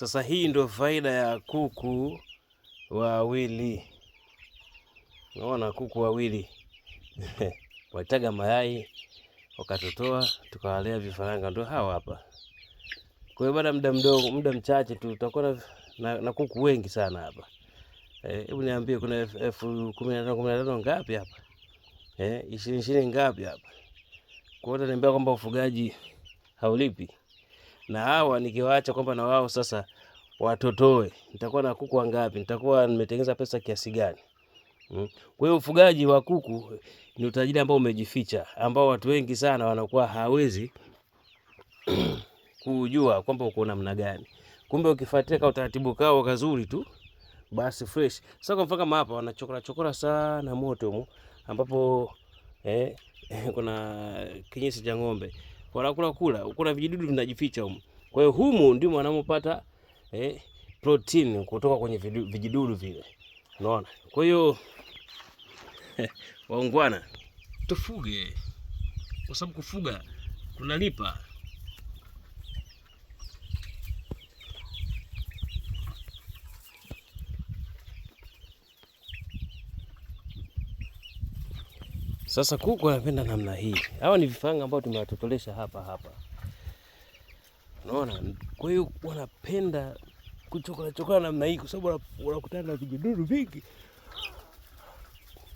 Sasa hii ndio faida ya kuku wawili. Unaona, kuku wawili walitaga mayai wakatotoa, tukawalea vifaranga, ndio hawa hapa. Kwa hiyo baada muda mdogo, muda mchache tu tutakuwa na, na kuku wengi sana hapa. Eh, hebu eh, niambie kuna elfu kumi na tano kumi na tano ngapi hapa? Eh, ishirini ishirini ngapi hapa? Kwa hiyo utaniambia kwamba ufugaji haulipi na hawa nikiwaacha kwamba na wao sasa watotoe, nitakuwa na kuku wangapi? Nitakuwa nimetengeneza pesa kiasi gani? Hmm. Kwa hiyo ufugaji wa kuku ni utajiri ambao umejificha, ambao watu wengi sana wanakuwa hawezi kujua kwamba uko namna gani. Kumbe ukifuatia ka utaratibu kao kazuri tu basi fresh. Sasa kwa mfano hapa wanachokora chokora sana moto huko ambapo eh, kuna kinyesi cha ng'ombe kwa kula kula, kuna vijidudu vinajificha humo. Kwa hiyo humu ndimo wanamopata eh, protini kutoka kwenye vijidudu vile. Unaona? Kwa hiyo waungwana, tufuge kwa sababu kufuga kunalipa. Sasa kuku wanapenda namna hii. Hawa ni vifaranga ambao tumewatotolesha hapa hapa, unaona. Kwa hiyo wanapenda kuchokora chokora namna hii, kwa sababu wanakutana na vijidudu vingi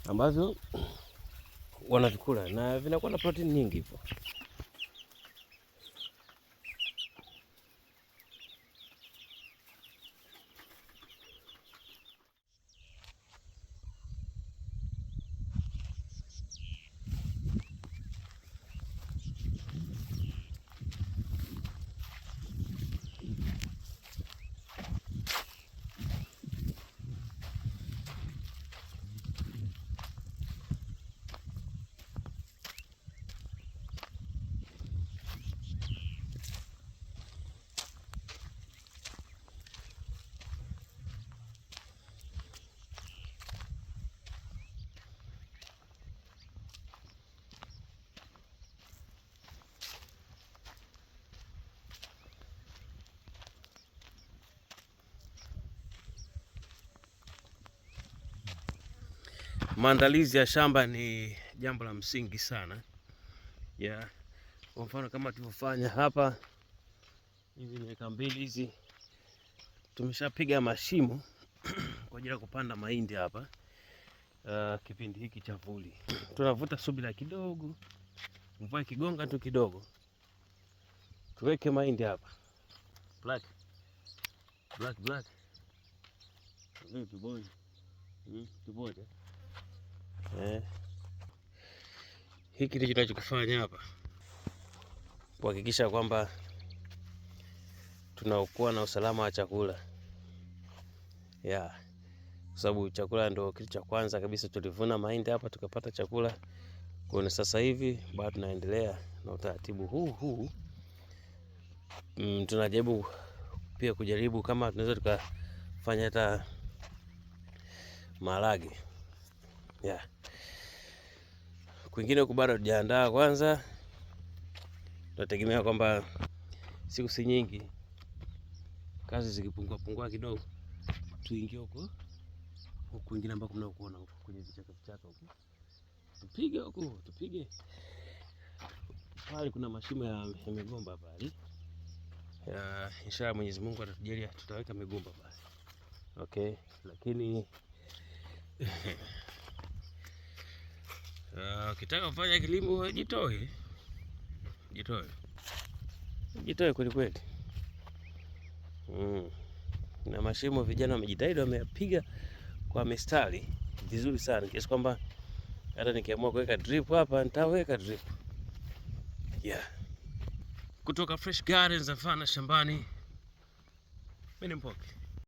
ambavyo wanavikula na vinakuwa na protini nyingi hivyo. maandalizi ya shamba ni jambo la msingi sana yeah. Kwa mfano kama tulivyofanya hapa hizi ni eka mbili hizi tumeshapiga mashimo kwa ajili ya kupanda mahindi hapa. Uh, kipindi hiki cha vuli tunavuta subira kidogo, mvua ikigonga tu kidogo, tuweke mahindi hapa black black black, kiboja kiboja eh. Hiki ndicho tunachokifanya hapa, kuhakikisha kwamba tunaokuwa na usalama wa chakula yeah. Kwa sababu chakula ndio kitu cha kwanza kabisa. Tulivuna mahindi hapa tukapata chakula, kwa sasa hivi bado tunaendelea na utaratibu huu huu. Mm, tunajaribu pia kujaribu kama tunaweza tukafanya hata maharage yeah kwingine huku bado hatujaandaa kwanza, tunategemea kwamba siku si nyingi, kazi zikipungua pungua kidogo, tuingie huko huku kwingine ambako mnakuona huko kwenye vichaka vichaka huko, tupige huko, tupige pale. Kuna mashimo ya migomba pale, inshallah Mwenyezi Mungu atatujalia, tutaweka migomba pale. Okay, lakini Ukitaka kufanya kilimo jitoe, jitoe, jitoe kweli kweli. Mm. Na mashimo vijana wamejitahidi, wameyapiga kwa mistari vizuri sana kiasi kwamba hata nikiamua kuweka drip hapa nitaweka drip. Yeah. Kutoka Fresh Gardens afana shambani. Mimi ni Mpoki.